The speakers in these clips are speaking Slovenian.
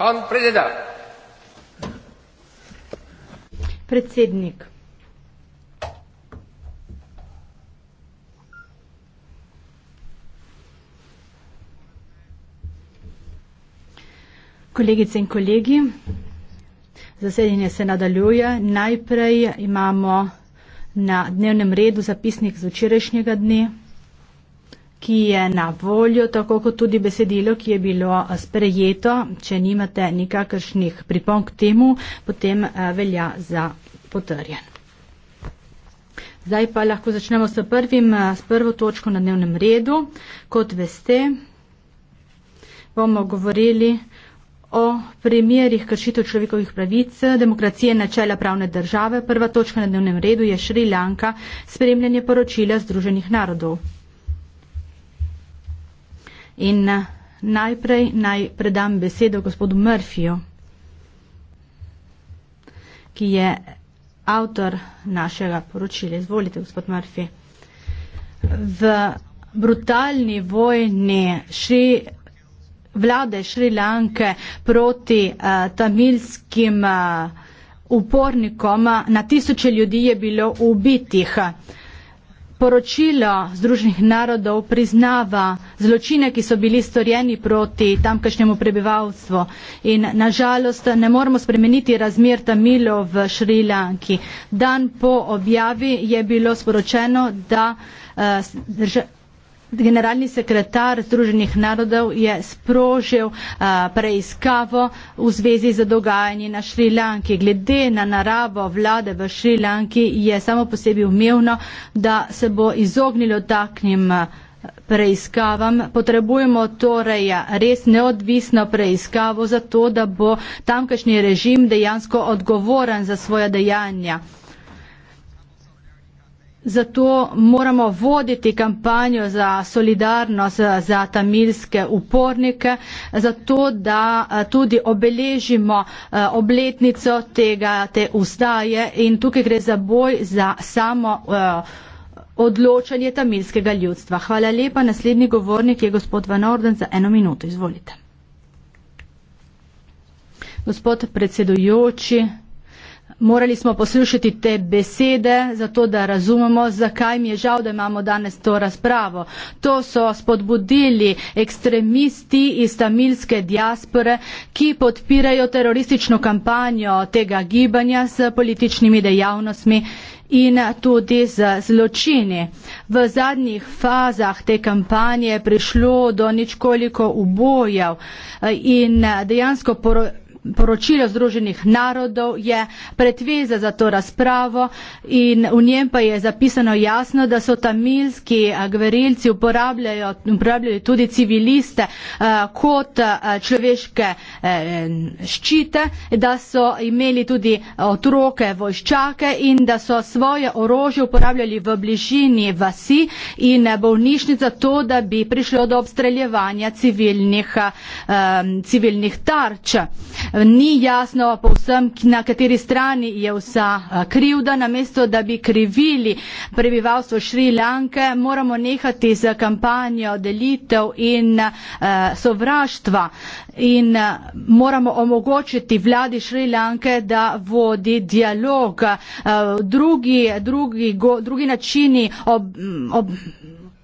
On predseda. Predsednik. Kolegice in kolegi, zasedanje se nadaljuje. Najprej imamo na dnevnem redu zapisnik z včerajšnjega dne ki je na voljo, tako kot tudi besedilo, ki je bilo eh, sprejeto. Če nimate nikakršnih pripomp k temu, potem eh, velja za potrjen. Zdaj pa lahko začnemo s, prvim, eh, s prvo točko na dnevnem redu. Kot veste, bomo govorili o primerjih kršitev človekovih pravic, demokracije, načela pravne države. Prva točka na dnevnem redu je Šri Lanka, spremljanje poročila Združenih narodov. In eh, najprej naj predam besedo gospodu Murphyju, ki je avtor našega poročila. Izvolite, gospod Murphy. V brutalni vojni šri, vlade Šrilanke proti uh, tamilskim uh, upornikom na tisoče ljudi je bilo ubitih. Uh, poročilo Združenih narodov priznava zločine, ki so bili storjeni proti tamkajšnjemu prebivalstvu in nažalost ne moramo spremeniti razmer Tamilo v Šrilanki. Dan po objavi je bilo sporočeno, da uh, Generalni sekretar Združenih narodov je sprožil uh, preiskavo v zvezi z dogajanji na Šrilanki. Glede na naravo vlade v Šrilanki je samo po sebi umevno, da se bo izognilo taknim preiskavam. Potrebujemo torej res neodvisno preiskavo za to, da bo tamkajšnji režim dejansko odgovoren za svoja dejanja. Zato moramo voditi kampanjo za solidarnost za tamilske upornike, zato da eh, tudi obeležimo eh, obletnico tega te ustaje in tukaj gre za boj za samo eh, odločanje tamilskega ljudstva. Hvala lepa. Naslednji govornik je gospod Van Orden za eno minuto. Izvolite. Gospod predsedujoči, Morali smo poslušati te besede, zato da razumemo, zakaj mi je žal, da imamo danes to razpravo. To so spodbudili ekstremisti iz tamilske diaspore, ki podpirajo teroristično kampanjo tega gibanja s političnimi dejavnostmi in tudi z zločini. V zadnjih fazah te kampanje je prišlo do ničkoliko ubojev eh, in dejansko poročilo poročilo Združenih narodov je predveza za to razpravo in v njem pa je zapisano jasno, da so tamilski eh, gverilci uporabljajo, uporabljajo tudi civiliste eh, kot eh, človeške eh, ščite, da so imeli tudi otroke vojščake in da so svoje orožje uporabljali v bližini vasi in bolnišnic za to, da bi prišlo do obstreljevanja civilnih, eh, civilnih tarč ni jasno povsem, na kateri strani je vsa krivda. Namesto, da bi krivili prebivalstvo Šrilanke, moramo nehati z kampanjo delitev in sovraštva in moramo omogočiti vladi Šrilanke, da vodi dialog. Drugi, drugi, go, drugi načini ob, ob,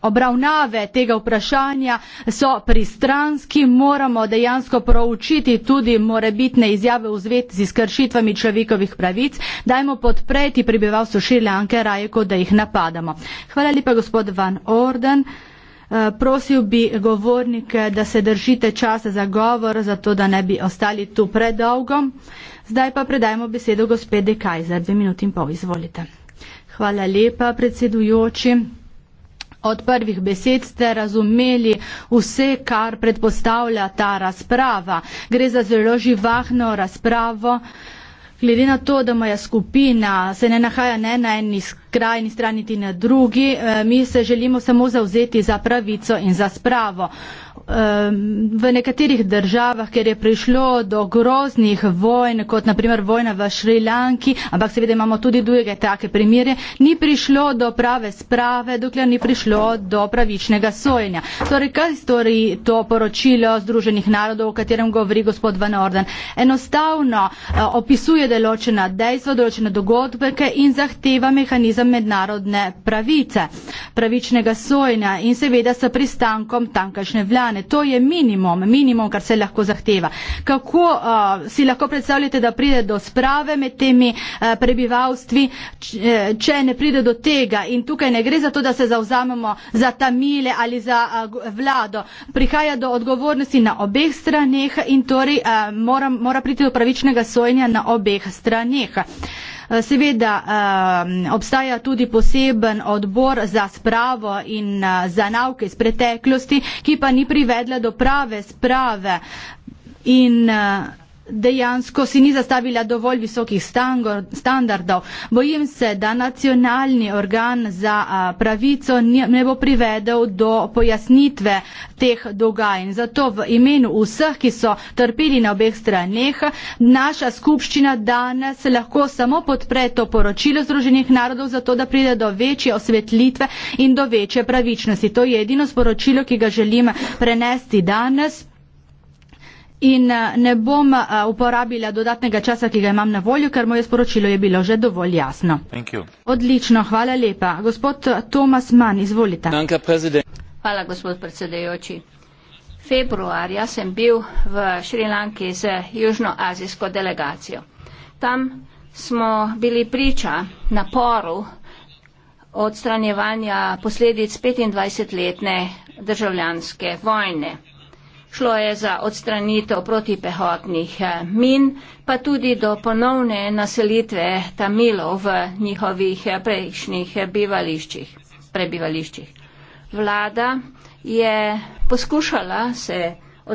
obravnave tega vprašanja so pristranski, moramo dejansko proučiti tudi morebitne izjave v zvezi s kršitvami človekovih pravic, dajmo podpreti prebivalstvo Šrilanke raje, kot da jih napadamo. Hvala lepa, gospod Van Orden. Eh, prosil bi govornike, da se držite časa za govor, zato da ne bi ostali tu predolgo. Zdaj pa predajmo besedo gospede Kajzer. Dve minuti in pol, izvolite. Hvala lepa, predsedujoči od prvih besed ste razumeli vse, kar predpostavlja ta razprava. Gre za zelo živahno razpravo. Glede na to, da moja skupina se ne nahaja ne na eni skrajni strani, ti na drugi, eh, mi se želimo samo zauzeti za pravico in za spravo v nekaterih državah, kjer je prišlo do groznih vojn, kot naprimer vojna v Šrilanki, ampak seveda imamo tudi druge take primere, ni prišlo do prave sprave, dokler ni prišlo do pravičnega sojenja. Torej, kaj stori to poročilo Združenih narodov, o katerem govori gospod Van Orden? Enostavno eh, opisuje določena dejstva, določene dogodbeke in zahteva mehanizem mednarodne pravice, pravičnega sojenja in seveda s pristankom tankašne vlade dvorane. To je minimum, minimum, kar se lahko zahteva. Kako uh, si lahko predstavljate, da pride do sprave med temi uh, prebivalstvi, eh, če ne pride do tega? In tukaj ne gre za to, da se zauzamemo za tamile ali za uh, vlado. Prihaja do odgovornosti na obeh straneh in torej uh, mora, mora priti do pravičnega sojenja na obeh straneh. Eh, seveda eh, obstaja tudi poseben odbor za spravo in eh, za nauke iz preteklosti, ki pa ni privedla do prave sprave. In, dejansko si ni zastavila dovolj visokih standardov. Bojim se, da nacionalni organ za pravico ne bo privedel do pojasnitve teh dogajanj. Zato v imenu vseh, ki so trpili na obeh straneh, naša skupščina danes lahko samo podpre to poročilo Združenih narodov, zato da pride do večje osvetlitve in do večje pravičnosti. To je edino sporočilo, ki ga želim prenesti danes. In eh, ne bom eh, uporabila dodatnega časa, ki ga imam na voljo, ker moje sporočilo je bilo že dovolj jasno. Odlično, hvala lepa. Gospod eh, Tomas Mann, izvolite. Hvala, gospod predsedajoči. Februarja sem bil v Šrilanki z južnoazijsko delegacijo. Tam smo bili priča naporu odstranjevanja posledic 25-letne državljanske vojne. Šlo je za odstranitev protipehotnih eh, min, pa tudi do ponovne naselitve Tamilov v njihovih eh, prejšnjih eh, bivališčih, prebivališčih. Vlada je poskušala se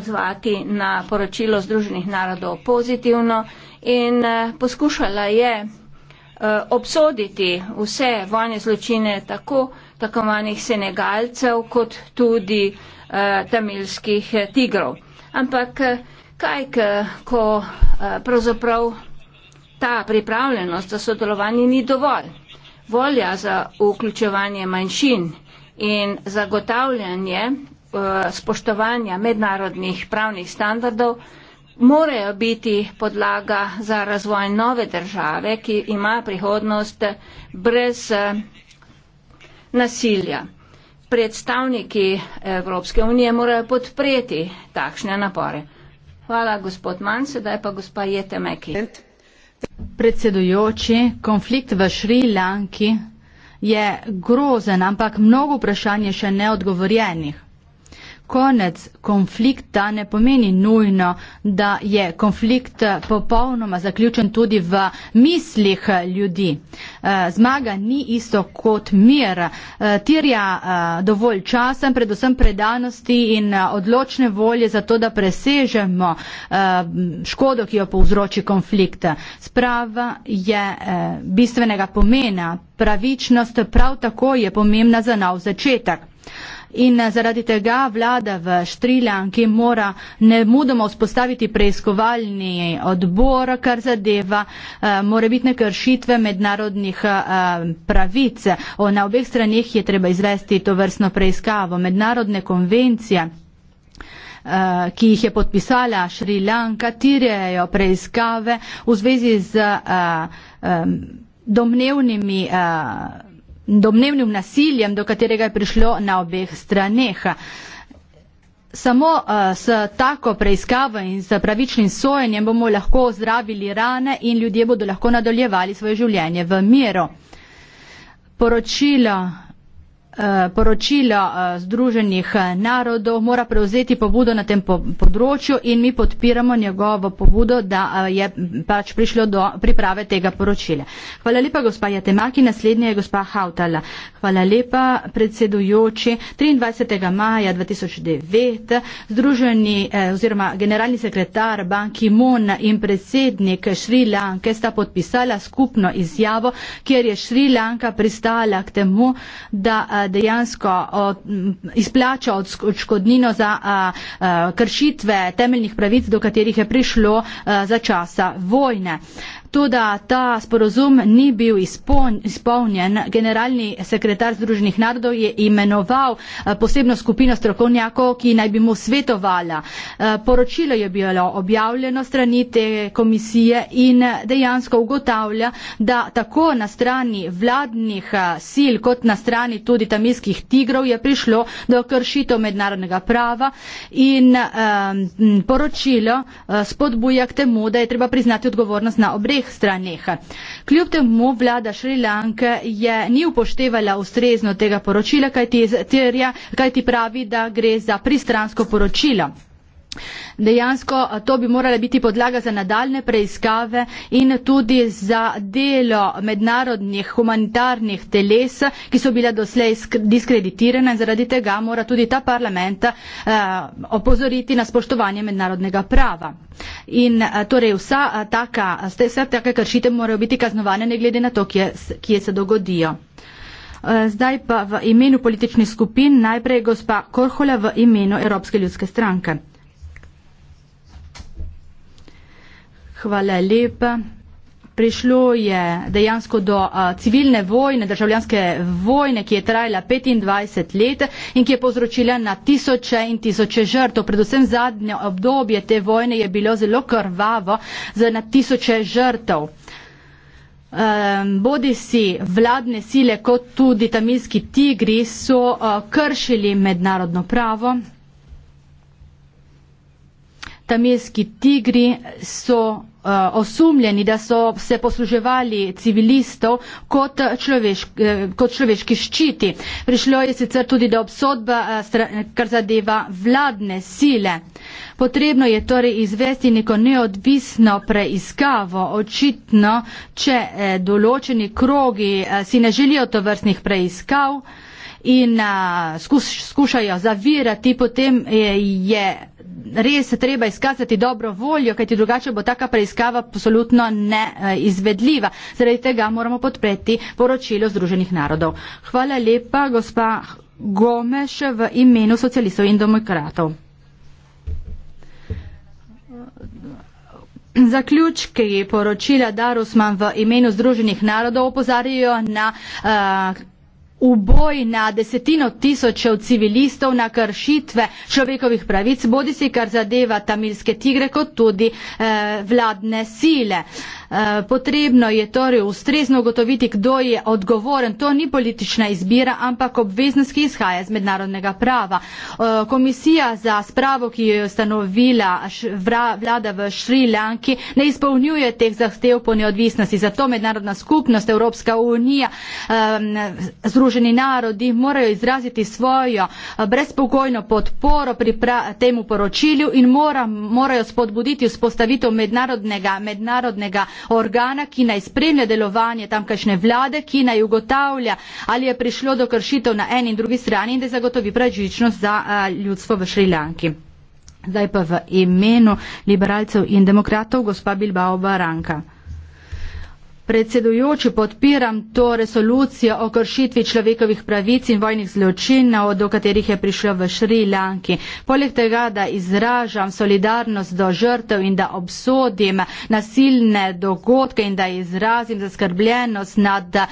odzvati na poročilo Združenih narodov pozitivno in poskušala je obsoditi vse vojne zločine tako takovanih Senegalcev kot tudi Eh, tamilskih eh, tigrov. Ampak eh, kaj, ko pravzaprav ta pripravljenost za sodelovanje ni dovolj? Volja za vključevanje manjšin in zagotavljanje spoštovanja mednarodnih pravnih standardov morajo biti podlaga za razvoj nove države, ki ima prihodnost brez nasilja predstavniki Evropske unije morajo podpreti takšne napore. Hvala, gospod Manj, sedaj pa gospa Jete Meki. Predsedujoči, konflikt v Šrilanki je grozen, ampak mnogo vprašanj je še neodgovorjenih konec konflikta ne pomeni nujno, da je konflikt eh, popolnoma zaključen tudi v mislih eh, ljudi. Eh, zmaga ni isto kot mir. Tirja dovolj časa, predvsem predanosti in odločne volje za to, da presežemo škodo, ki jo povzroči konflikt. Sprava je bistvenega pomena. Pravičnost prav tako je pomembna za nov začetek. In eh, zaradi tega vlada v Štriljanki mora ne mudoma vzpostaviti preiskovalni odbor, kar zadeva eh, morebitne kršitve mednarodnih eh, pravic. Na obeh stranih je treba izvesti to vrstno preiskavo. Mednarodne konvencije ki jih je podpisala Šrilanka, tirjajo preiskave v zvezi z a, a, domnevnimi a, domnevnim nasiljem, do katerega je prišlo na obeh straneh. Samo uh, s tako preiskavo in s pravičnim sojenjem bomo lahko ozdravili rane in ljudje bodo lahko nadaljevali svoje življenje v miru. Poročilo Eh, poročilo eh, Združenih eh, narodov, mora prevzeti pobudo na tem področju in mi podpiramo njegovo pobudo, da je pač prišlo do priprave tega poročila. Hvala lepa, gospa Jatemaki, naslednja je gospa Hautala. Hvala lepa, predsedujoči. 23. maja 2009 Združeni oziroma generalni sekretar Banki Mon in predsednik Šri Lanke sta podpisala skupno izjavo, kjer je Šri Lanka pristala k temu, da dejansko od, izplača odškodnino za a, a, kršitve temeljnih pravic, do katerih je prišlo a, za časa vojne. Tudi ta sporozum ni bil izpolnjen. Generalni sekretar Združenih narodov je imenoval eh, posebno skupino strokovnjakov, ki naj bi mu svetovala. Eh, poročilo je bilo objavljeno strani te komisije in dejansko ugotavlja, da tako na strani vladnih eh, sil kot na strani tudi tamijskih tigrov je prišlo do kršitev mednarodnega prava in poročilo spodbuja k temu, da je treba priznati odgovornost na obrežju obeh straneh. Kljub temu vlada Šrilanke je ni upoštevala ustrezno tega poročila, kajti, terja, kajti pravi, da gre za pristransko poročilo. Dejansko to bi morala biti podlaga za nadaljne preiskave in tudi za delo mednarodnih humanitarnih teles, ki so bila doslej diskreditirana in zaradi tega mora tudi ta parlament opozoriti na spoštovanje mednarodnega prava. In torej vsa taka, vse take kršite morajo biti kaznovane ne glede na to, kje, kje se dogodijo. Zdaj pa v imenu političnih skupin najprej gospa Korhola v imenu Evropske ljudske stranke. Hvala lepa. Prišlo je dejansko do a, civilne vojne, državljanske vojne, ki je trajala 25 let in ki je povzročila na tisoče in tisoče žrtov. Predvsem zadnje obdobje te vojne je bilo zelo krvavo za na tisoče žrtov. Um, bodi si vladne sile kot tudi tamilski tigri so uh, kršili mednarodno pravo tamilski tigri so eh, osumljeni, da so se posluževali civilistov kot, človešk, eh, kot človeški ščiti. Prišlo je sicer tudi do obsodba, eh, kar zadeva vladne sile. Potrebno je torej izvesti neko neodvisno preiskavo. Očitno, če določeni krogi si ne želijo to vrstnih preiskav, in uh, skušajo zavirati, potem e, je res treba izkazati dobro voljo, kajti drugače bo taka preiskava absolutno neizvedljiva. Zaradi tega moramo podpreti poročilo Združenih narodov. Hvala lepa, gospa Gomeš, v imenu socialistov in demokratov. Zaključki poročila Darusman v imenu Združenih narodov opozarjajo na uh, uboj na desetino tisočev civilistov, na kršitve človekovih pravic, bodi si kar zadeva tamilske tigre, kot tudi eh, vladne sile. Eh, Eh, potrebno je torej ustrezno ugotoviti, kdo je odgovoren. To ni politična izbira, ampak obveznost, ki izhaja iz mednarodnega prava. Eh, komisija za spravo, ki jo je ustanovila vlada v Šrilanki, ne izpolnjuje teh zahtev po neodvisnosti. Zato mednarodna skupnost, Evropska unija, Združeni narodi morajo izraziti svojo eh, brezpogojno podporo pri temu poročilju in mora, morajo spodbuditi vzpostavitev mednarodnega, mednarodnega organa, ki naj spremlja delovanje tamkajšnje vlade, ki naj ugotavlja, ali je prišlo do kršitev na eni in drugi strani in da zagotovi pravičnost za a, ljudstvo v Šrilanki. Zdaj pa v imenu liberalcev in demokratov gospa Bilbao Baranka. Predsedujoči, podpiram to resolucijo o kršitvi človekovih pravic in vojnih zločinov, do katerih je prišlo v Šrilanki. Poleg tega, da izražam solidarnost do žrtev in da obsodim nasilne dogodke in da izrazim zaskrbljenost nad eh,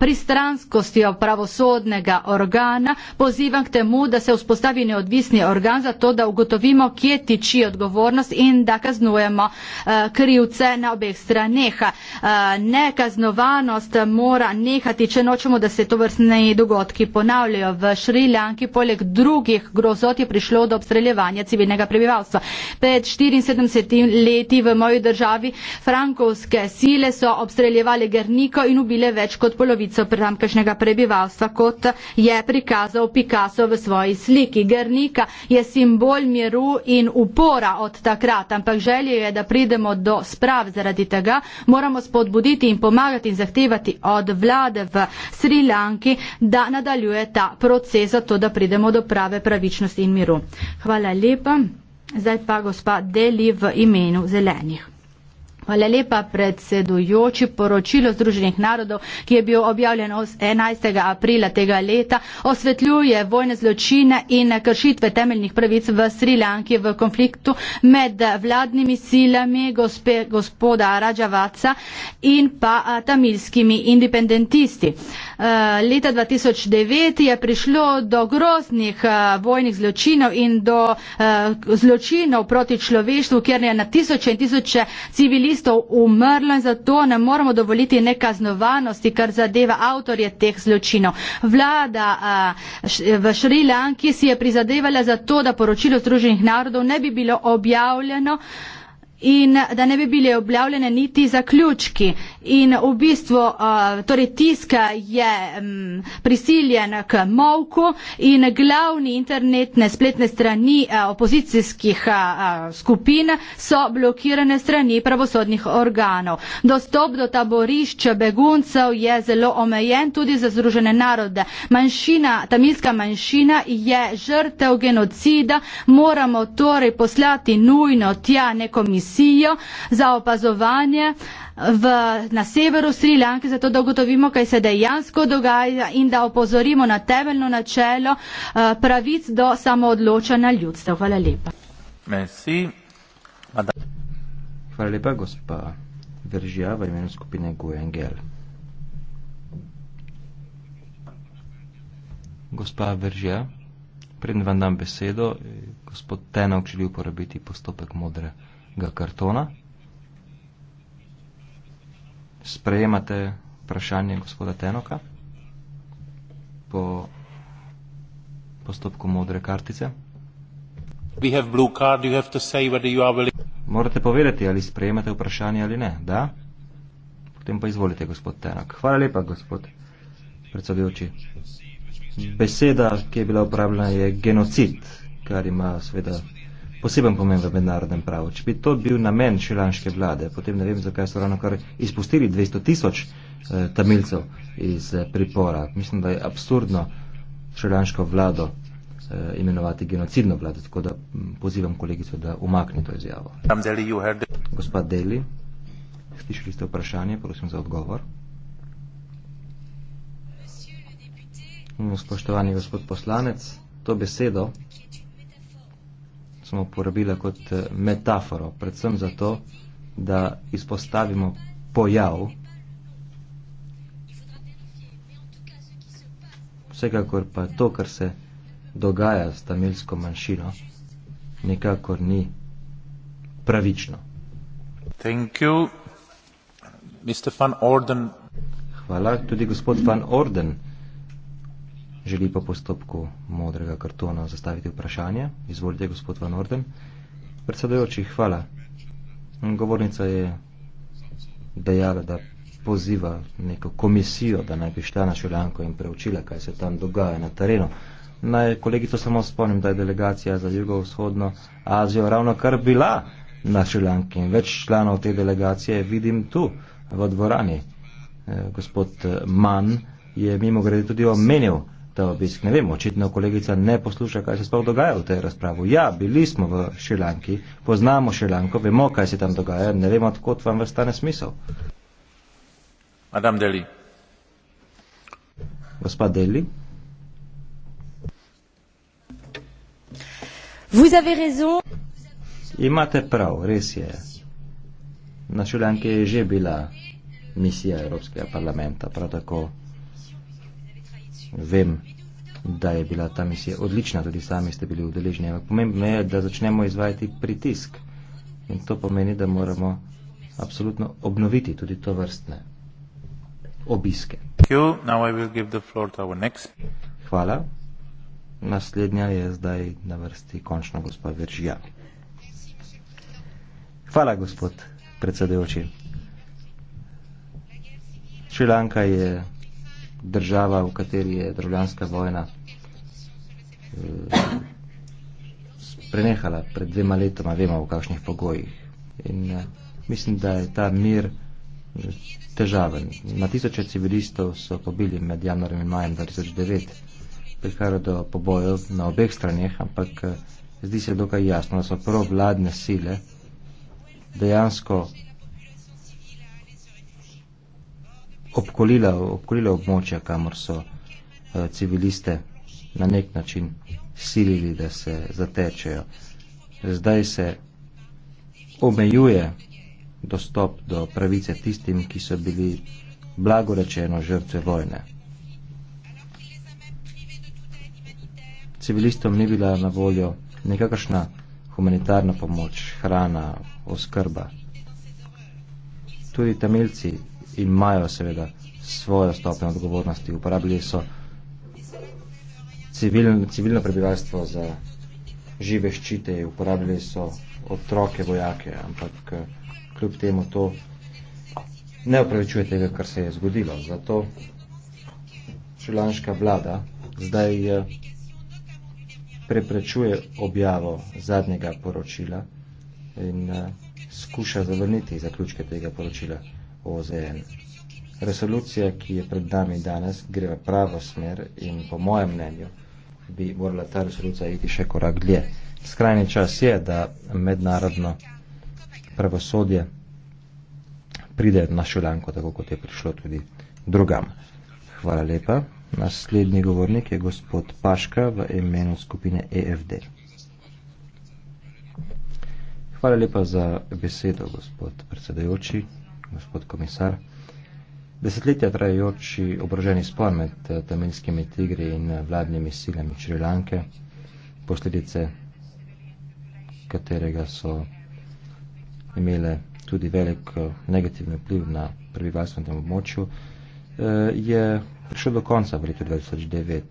pristranskostjo pravosodnega organa, pozivam k temu, da se vzpostavi neodvisni organ za to, da ugotovimo, kje tiči odgovornost in da kaznujemo eh, krivce na obeh straneh. Eh, ne nekaznovanost mora nehati, če nočemo, da se to vrstne dogodki ponavljajo. V Šrilanki poleg drugih grozot je prišlo do obstreljevanja civilnega prebivalstva. Pred 74 leti v moji državi frankovske sile so obstreljevali Gerniko in ubile več kot polovico tamkajšnjega prebivalstva, kot je prikazal Picasso v svoji sliki. Gernika je simbol miru in upora od takrat, ampak želje je, da pridemo do sprav zaradi tega. Moramo spodbuditi in pomagati in zahtevati od vlade v Sri Lanki, da nadaljuje ta proces za to, da pridemo do prave pravičnosti in miru. Hvala lepa. Zdaj pa gospa deli v imenu zelenih. Hvala lepa predsedujoči poročilo Združenih narodov, ki je bil objavljen 11. aprila tega leta, osvetljuje vojne zločine in kršitve temeljnih pravic v Sri Lanki v konfliktu med vladnimi silami gospe, gospoda Rađavaca in pa tamilskimi independentisti. Leta 2009 je prišlo do groznih vojnih zločinov in do zločinov proti človeštvu, kjer je na tisoče in tisoče civilistov Kristov umrlo in zato ne moramo dovoliti nekaznovanosti, kar zadeva avtorje teh zločinov. Vlada a, š, v Šrilanki si je prizadevala za to, da poročilo Združenih narodov ne bi bilo objavljeno in da ne bi bile objavljene niti zaključki. In v bistvu eh, torej tisk je mm, prisiljen k molku in glavni internetne spletne strani eh, opozicijskih eh, skupin so blokirane strani pravosodnih organov. Dostop do taborišča beguncev je zelo omejen tudi za Združene narode. Manjšina, tamilska manjšina je žrtev genocida, moramo torej poslati nujno tja neko misijo za opazovanje v na severu Srilanke, zato da ugotovimo, kaj se dejansko dogaja in da opozorimo na temeljno načelo eh, pravic do samoodločanja ljudstva. Hvala lepa. Merci. Hvala lepa, gospa Veržija, v imenu skupine Gujengel. Gospa Veržija, predn vam dam besedo, eh, gospod Tena učili uporabiti postopek modrega kartona sprejemate vprašanje gospoda Tenoka po postopku modre kartice. We have blue card, you have to say whether you are willing. Morate povedati, ali sprejemate vprašanje ali ne. Da? Potem pa izvolite, gospod Tenak. Hvala lepa, gospod predsedujoči. Beseda, ki je bila uporabljena, je genocid, kar ima seveda poseben pomen v mednarodnem pravu. Če bi to bil namen šilanške vlade, potem ne vem, zakaj so ravno kar izpustili 200 tisoč eh, tamilcev iz eh, pripora. Mislim, da je absurdno šilanško vlado eh, imenovati genocidno vlado, tako da mm, pozivam kolegico, da umakne to izjavo. Gospod Deli, slišali ste vprašanje, prosim za odgovor. Mm, spoštovani gospod poslanec, to besedo sem uporabila kot eh, metaforo, predvsem zato, da izpostavimo pojav. Vsekakor pa to, kar se dogaja s tamilsko manjšino, nekakor ni pravično. Thank you, Mr. Van Orden. Hvala, tudi gospod Van Orden želi po postopku modrega kartona zastaviti vprašanje. Izvolite, gospod Van Orden. Predsedojoči, hvala. Govornica je dejala, da poziva neko komisijo, da naj bi šla na Šuljanko in preučila, kaj se tam dogaja na terenu. Naj kolegico samo spomnim, da je delegacija za jugovzhodno Azijo ravno kar bila na Šuljanki in več članov te delegacije vidim tu v dvorani. Eh, gospod Mann je mimo grede tudi omenil, ta obisk. Ne vem, očitno kolegica ne posluša, kaj se sploh dogaja v tej razpravi. Ja, bili smo v Šrilanki, poznamo Šrilanko, vemo, kaj se tam dogaja, ne vemo, odkot vam vstane smisel. Madam Deli. Gospod Deli. Vous avez raison. Imate prav, res je. Na Šrilanki je že bila misija Evropskega parlamenta, prav tako vem, da je bila ta misija odlična, tudi sami ste bili udeleženi, ampak pomembno je, da začnemo izvajati pritisk. In to pomeni, da moramo absolutno obnoviti tudi to vrstne obiske. Hvala. Naslednja je zdaj na vrsti končno gospa Veržija. Hvala, gospod predsedujoči. Šrilanka je država, v kateri je državljanska vojna eh, prenehala pred dvema letoma, vemo v kakšnih pogojih. In eh, mislim, da je ta mir eh, težaven. Na tisoče civilistov so pobili med januarjem in majem 2009. Prihajalo do pobojev na obeh straneh, ampak eh, zdi se dokaj jasno, da so prav vladne sile dejansko obkolila, obkolila območja, kamor so eh, civiliste na nek način silili, da se zatečejo. Zdaj se omejuje dostop do pravice tistim, ki so bili blagorečeno žrtve vojne. Civilistom ni bila na voljo nekakšna humanitarna pomoč, hrana, oskrba. Tudi tamilci imajo seveda svojo stopnjo odgovornosti. Uporabili so civil, civilno prebivalstvo za žive ščite, uporabili so otroke, vojake, ampak eh, kljub temu to ne upravičuje tega, kar se je zgodilo. Zato šrilanška vlada zdaj eh, preprečuje objavo zadnjega poročila in eh, skuša zavrniti zaključke tega poročila. OZN. Resolucija, ki je pred nami danes, gre v pravo smer in po mojem mnenju bi morala ta resolucija iti še korak dlje. Skrajni čas je, da mednarodno pravosodje pride na Šulanko, tako kot je prišlo tudi drugam. Hvala lepa. Naslednji govornik je gospod Paška v imenu skupine EFD. Hvala lepa za besedo, gospod predsedajoči gospod komisar. Desetletja trajajoči obroženi spor med eh, tamilskimi tigri in eh, vladnimi silami Črilanke, posledice katerega so imele tudi velik eh, negativni vpliv na prebivalstvenem območju, je prišel do konca v letu 2009.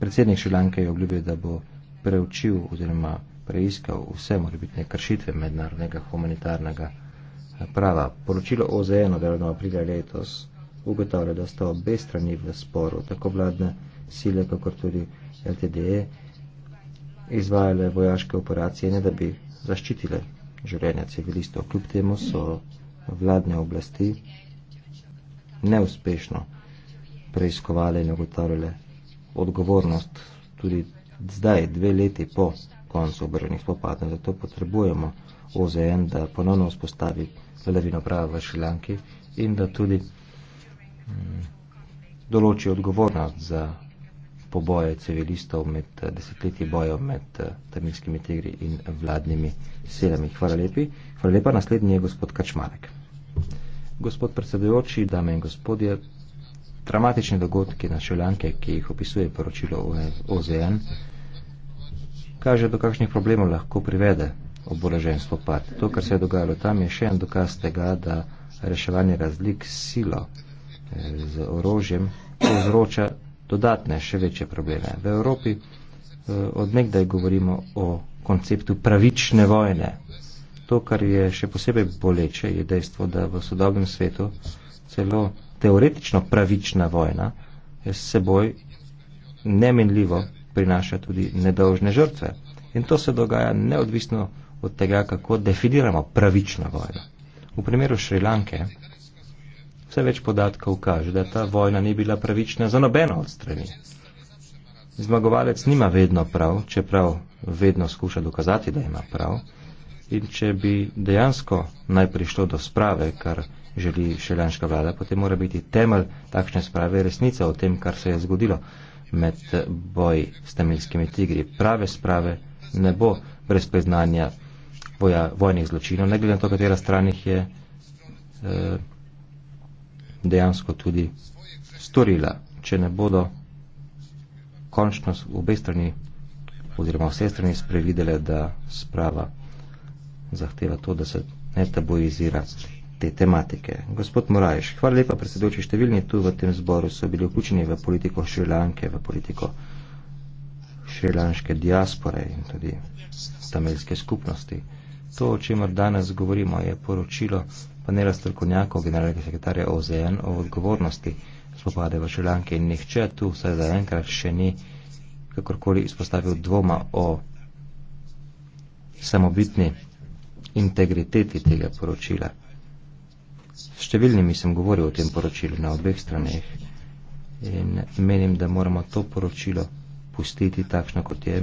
Predsednik Šrilanke je obljubil, da bo preučil oziroma preiskal vse morebitne kršitve mednarodnega humanitarnega eh, prava. Poročilo OZN od 1. aprila letos ugotavlja, da sta obe strani v sporu, tako vladne sile, kakor tudi LTDE, izvajale vojaške operacije, ne da bi zaščitile življenja civilistov. Kljub temu so vladne oblasti neuspešno preiskovale in ugotavljale odgovornost tudi zdaj, dve leti po koncu obrnih spopadov. Zato potrebujemo OZN, da ponovno vzpostavi vladavino prava v Šrilanki in da tudi mm, določi odgovornost za poboje civilistov med desetletji bojev med tamilskimi tigri in vladnimi silami. Hvala lepi. Hvala lepa. Naslednji je gospod Kačmarek. Gospod predsedujoči, dame in gospodje, dramatične dogodke na Šrilanke, ki jih opisuje poročilo OZN, kaže, do kakšnih problemov lahko privede oborožen spopad. To, kar se je dogajalo tam, je še en dokaz tega, da reševanje razlik s silo, eh, z orožjem, povzroča dodatne, še večje probleme. V Evropi eh, od nekdaj govorimo o konceptu pravične vojne. To, kar je še posebej boleče, je dejstvo, da v sodobnem svetu celo teoretično pravična vojna s seboj neminljivo prinaša tudi nedolžne žrtve. In to se dogaja neodvisno od tega, kako definiramo pravično vojno. V primeru Šrilanke vse več podatkov kaže, da ta vojna ni bila pravična za nobeno od strani. Zmagovalec nima vedno prav, čeprav vedno skuša dokazati, da ima prav. In če bi dejansko naj prišlo do sprave, kar želi šeljanska vlada, potem mora biti temelj takšne sprave resnica o tem, kar se je zgodilo med boj s temeljskimi tigri. Prave sprave ne bo brez priznanja boja, vojnih zločinov, ne glede na to, katera stranih je eh, dejansko tudi storila. Če ne bodo končno obe strani oziroma vse strani sprevidele, da sprava zahteva to, da se ne tabuizira te tematike. Gospod Morajš, hvala lepa, predsedujoči številni tu v tem zboru so bili vključeni v politiko Šrilanke, v politiko šrilanške diaspore in tudi tamilske skupnosti. To, o čemer danes govorimo, je poročilo panela strokovnjakov generalnega sekretarja OZN o odgovornosti spopade v Šrilanke in nihče tu vsaj zaenkrat še ni kakorkoli izpostavil dvoma o samobitni integriteti tega poročila številnimi sem govoril o tem poročilu na obeh straneh in menim, da moramo to poročilo pustiti takšno, kot je.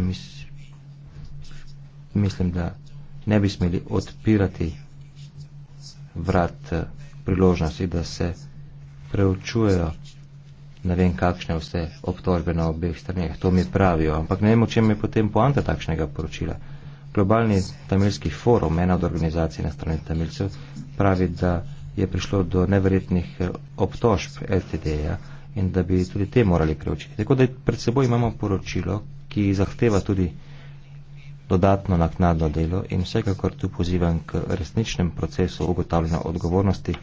Mislim, da ne bi smeli odpirati vrat eh, priložnosti, da se preučujejo ne vem kakšne vse obtožbe na obeh straneh. To mi pravijo, ampak ne vem, o čem je potem poanta takšnega poročila. Globalni tamilski forum, ena od organizacij na strani tamilcev, pravi, da je prišlo do neverjetnih eh, obtožb LTD-ja in da bi tudi te morali preučiti. Tako da pred seboj imamo poročilo, ki zahteva tudi dodatno naknadno delo in vsekakor tu pozivam k resničnem procesu ugotavljanja odgovornosti,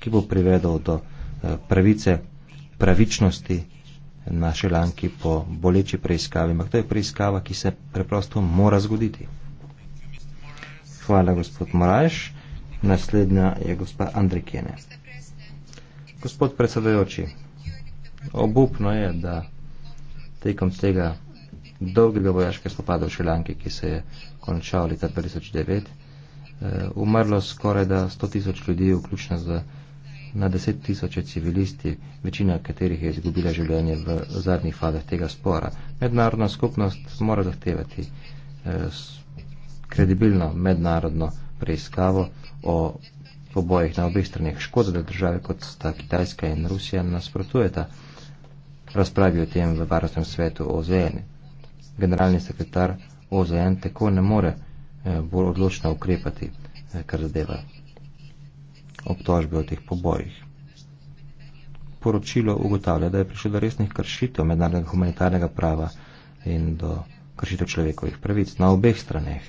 ki bo privedel do eh, pravice, pravičnosti naše lanki po boleči preiskavi. Ampak to je preiskava, ki se preprosto mora zgoditi. Hvala, gospod Moraš. Naslednja je gospa Andrikene. Gospod predsedajoči, obupno je, da tekom tega dolgega vojaškega spopada v Šilanki, ki se je končal leta 2009, eh, umrlo skoraj da 100 tisoč ljudi, vključno z na 10 tisoče civilisti, večina katerih je izgubila življenje v zadnjih fazah tega spora. Mednarodna skupnost mora zahtevati eh, kredibilno mednarodno preiskavo o pobojih na obeh stranih. Škoda, da države kot sta Kitajska in Rusija nasprotujeta razpravi o tem v varnostnem svetu OZN. Generalni sekretar OZN tako ne more eh, bolj odločno ukrepati, eh, kar zadeva obtožbe o teh pobojih. Poročilo ugotavlja, da je prišlo do resnih kršitev mednarodnega humanitarnega prava in do kršitev človekovih pravic na obeh straneh.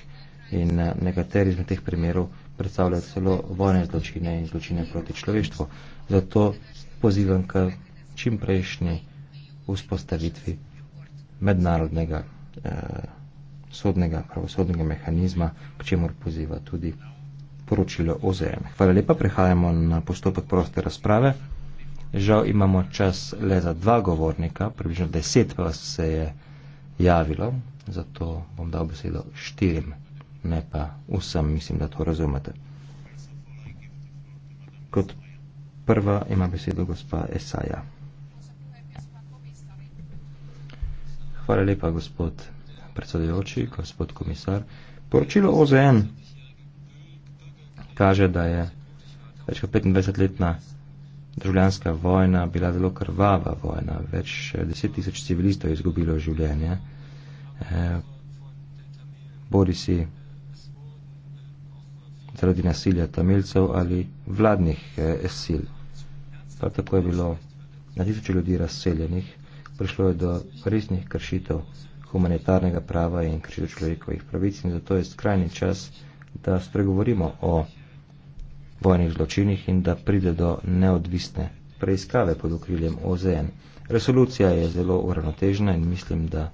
In eh, nekateri izmed teh primerov predstavlja celo vojne zločine in zločine proti človeštvu. Zato pozivam k čim prejšnji vzpostavitvi mednarodnega eh, sodnega, pravosodnega mehanizma, k čemur poziva tudi poročilo OZN. Hvala lepa, prehajamo na postopek proste razprave. Žal imamo čas le za dva govornika, približno deset pa se je javilo, zato bom dal besedo štirim ne pa vsem, mislim, da to razumete. Kot prva ima besedo gospa Esaja. Hvala lepa, gospod predsedujoči, gospod komisar. Poročilo OZN kaže, da je več kot 25-letna državljanska vojna bila zelo krvava vojna. Več deset tisoč civilistov je izgubilo življenje. E, eh, bodi si zaradi nasilja tamilcev ali vladnih eh, sil. Prav tako je bilo na tisoče ljudi razseljenih, prišlo je do resnih kršitev humanitarnega prava in kršitev človekovih pravic in zato je skrajni čas, da spregovorimo o vojnih zločinih in da pride do neodvisne preiskave pod okriljem OZN. Resolucija je zelo uravnotežna in mislim, da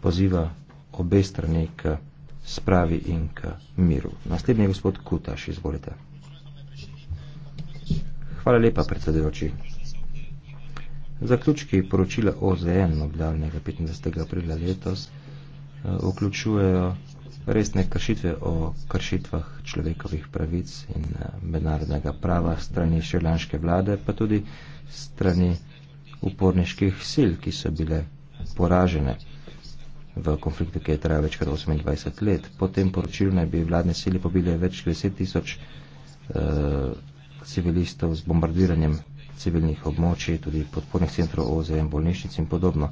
poziva obe strani k spravi in k miru. Naslednji je gospod Kutaš, izvolite. Hvala lepa, predsedujoči. Zaključki poročila OZN objavljenega 15. aprila letos eh, vključujejo resne kršitve o kršitvah človekovih pravic in eh, mednarodnega prava strani šrilanške vlade, pa tudi strani uporniških sil, ki so bile poražene v konfliktu, ki je trajal več kot 28 let. Po tem poročilu naj bi vladne sile pobili več kot 10 tisoč eh, civilistov z bombardiranjem civilnih območij, tudi podpornih centrov OZM, bolnišnic in podobno.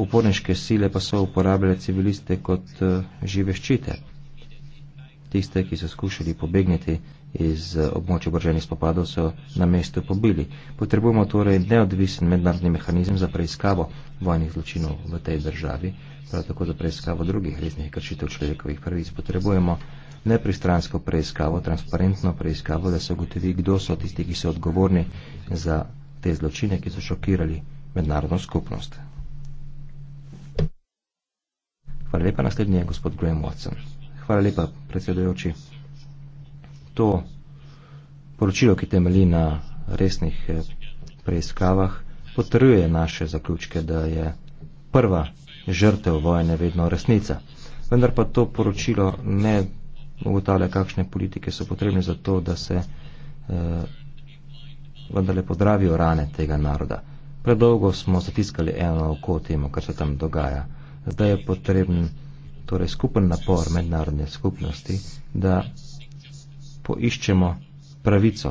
Uporniške sile pa so uporabljale civiliste kot eh, žive ščite. Tiste, ki so skušali pobegniti iz eh, območja oboroženih spopadov so na mestu pobili. Potrebujemo torej neodvisen mednarodni mehanizem za preiskavo vojnih zločinov v tej državi, prav tako za preiskavo drugih resnih kršitev človekovih pravic. Potrebujemo nepristransko preiskavo, transparentno preiskavo, da se ugotovi, kdo so tisti, ki so odgovorni za te zločine, ki so šokirali mednarodno skupnost. Hvala lepa, naslednji je gospod Graham Watson. Hvala lepa, predsedujoči to poročilo, ki temelji na resnih eh, preiskavah, potrjuje naše zaključke, da je prva žrtev vojne vedno resnica. Vendar pa to poročilo ne ugotavlja, kakšne politike so potrebne za to, da se eh, vendarle pozdravijo rane tega naroda. Predolgo smo zatiskali eno oko temu, kar se tam dogaja. Zdaj je potreben torej, skupen napor mednarodne skupnosti, da poiščemo pravico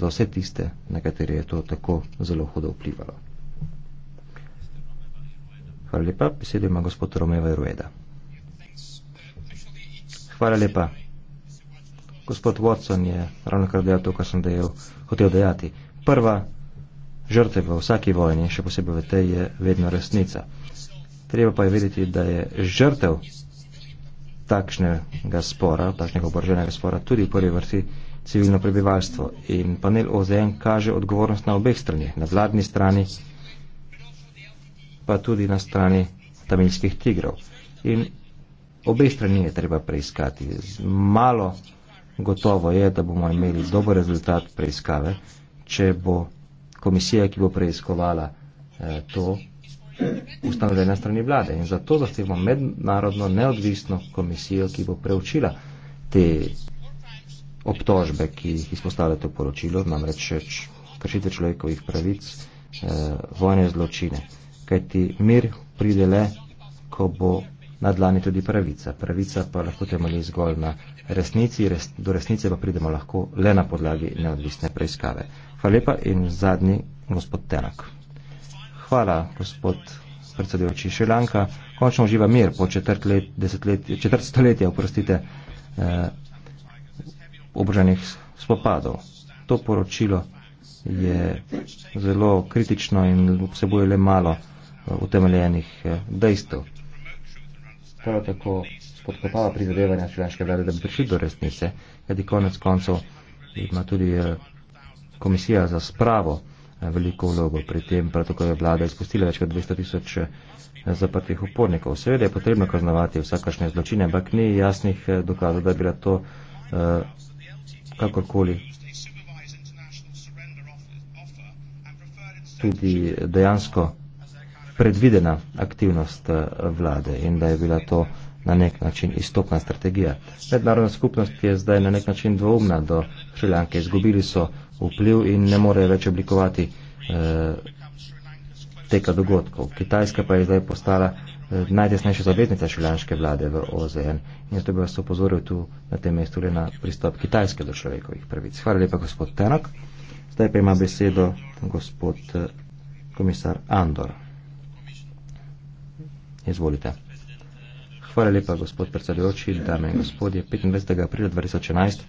za vse tiste, na katere je to tako zelo hudo vplivalo. Hvala lepa, besedo ima gospod Romeva Irueda. Hvala lepa. Gospod Watson je ravno kar dejal to, kar sem dejal, hotel dejati. Prva žrtev v vsaki vojni, še posebej v tej, je vedno resnica. Treba pa je vedeti, da je žrtev takšnega spora, takšnega oboroženega spora, tudi v prvi vrsti civilno prebivalstvo. In panel OZN kaže odgovornost na obeh strani, na vladni strani, pa tudi na strani tamilskih tigrov. In obe strani je treba preiskati. Malo gotovo je, da bomo imeli dober rezultat preiskave, če bo komisija, ki bo preiskovala eh, to, ustanovljena strani vlade in zato zahtevamo mednarodno neodvisno komisijo, ki bo preučila te obtožbe, ki jih izpostavljate v poročilu, namreč kršite človekovih pravic, eh, vojne zločine. Kajti mir pride le, ko bo na dlani tudi pravica. Pravica pa lahko temelji zgolj na resnici, res, do resnice pa pridemo lahko le na podlagi neodvisne preiskave. Hvala lepa in zadnji gospod Tenak hvala, gospod predsedujoči. Šrilanka končno uživa mir po četrt let, desetletje, četrt stoletje, oprostite, eh, obroženih spopadov. To poročilo je zelo kritično in vsebuje le malo eh, utemeljenih eh, dejstev. Prav tako spodkopava prizadevanja šrilanške vlade, da bi prišli do resnice, kajti konec koncev ima tudi eh, komisija za spravo. Eh, veliko vlogo. Pri tem prav tako je vlada izpustila več kot 200 tisoč eh, zaprtih upornikov. Seveda je potrebno kaznovati vsakašne zločine, ampak ni jasnih eh, dokazov, da bi bila to uh, kakorkoli tudi dejansko predvidena aktivnost vlade in da je bila to na nek način izstopna strategija. Mednarodna skupnost je zdaj na nek način dvoumna do Šriljanke. Izgubili so vpliv in ne morejo več oblikovati eh, teka dogodkov. Kitajska pa je zdaj postala eh, najtesnejša zavetnica šiljanske vlade v OZN. In zato bi vas opozoril tu na tem mestu le na pristop Kitajske do človekovih pravic. Hvala lepa, gospod Tenak. Zdaj pa ima besedo gospod eh, komisar Andor. Izvolite. Hvala lepa, gospod predsedujoči, dame in gospodje. 25. aprila 2011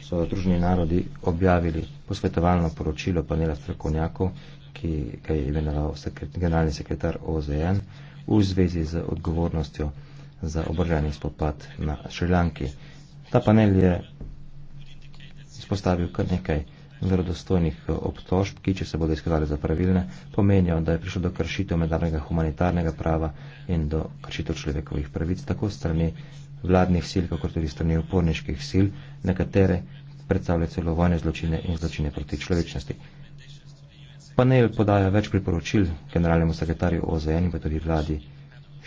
so Združeni narodi objavili posvetovalno poročilo panela strokovnjakov, ki ga je imenoval sekret, generalni sekretar OZN v zvezi z odgovornostjo za obrženi spopad na Šrilanki. Ta panel je izpostavil kar nekaj verodostojnih obtožb, ki, če se bodo izkazali za pravilne, pomenijo, da je prišlo do kršitev mednarodnega humanitarnega prava in do kršitev človekovih pravic, tako strani vladnih sil, kako tudi strani uporniških sil, nekatere predstavljajo celo vojne zločine in zločine proti človečnosti. Panel podaja več priporočil generalnemu sekretarju OZN in pa tudi vladi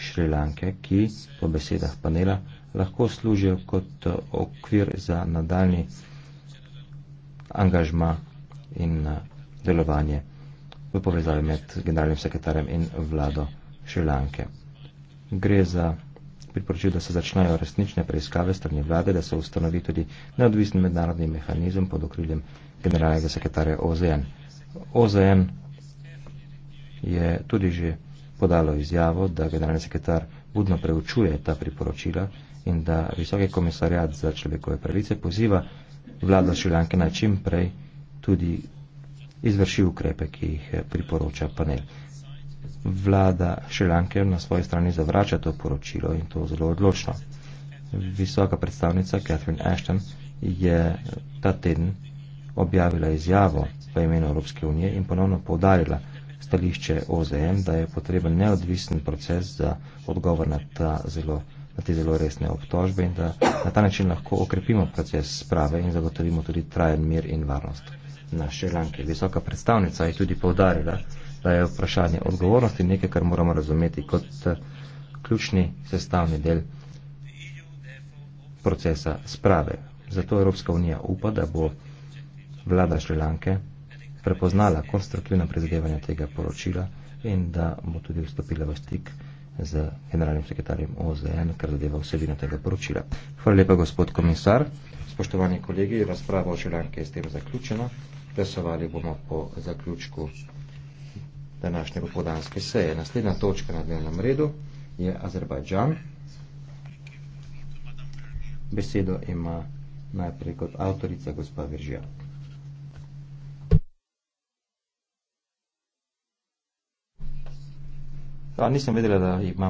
Šrilanke, ki po besedah panela lahko služijo kot eh, okvir za nadaljni angažma in eh, delovanje v povezavi med generalnim sekretarjem in vlado Šrilanke. Gre za priporočil, da se začnejo resnične preiskave strani vlade, da se ustanovi tudi neodvisni mednarodni mehanizem pod okriljem generalnega sekretarja OZN. OZN je tudi že podalo izjavo, da generalni sekretar budno preučuje ta priporočila in da Visoki komisarjat za človekove pravice poziva vlado Šiljanke na čim prej tudi izvrši ukrepe, ki jih priporoča panel vlada Šrilanke na svoji strani zavrača to poročilo in to zelo odločno. Visoka predstavnica Catherine Ashton je ta teden objavila izjavo v imenu Evropske unije in ponovno povdarila stališče OZM, da je potreben neodvisen proces za odgovor na, ta zelo, na te zelo resne obtožbe in da na ta način lahko okrepimo proces sprave in zagotovimo tudi trajen mir in varnost na Šrilanki. Visoka predstavnica je tudi povdarila, da je vprašanje odgovornosti nekaj, kar moramo razumeti kot eh, ključni sestavni del procesa sprave. Zato Evropska unija upa, da bo vlada Šrilanke prepoznala konstruktivna prizadevanja tega poročila in da bo tudi vstopila v stik z generalnim sekretarjem OZN, kar zadeva vsebino tega poročila. Hvala lepa, gospod komisar. Spoštovani kolegi, razprava o Šrilanke je s tem zaključena. Glasovali bomo po zaključku današnje popodanske seje. Naslednja točka na dnevnem redu je Azerbajdžan. Besedo ima najprej kot avtorica gospa Veržija. Pa ja, nisem vedela, da imam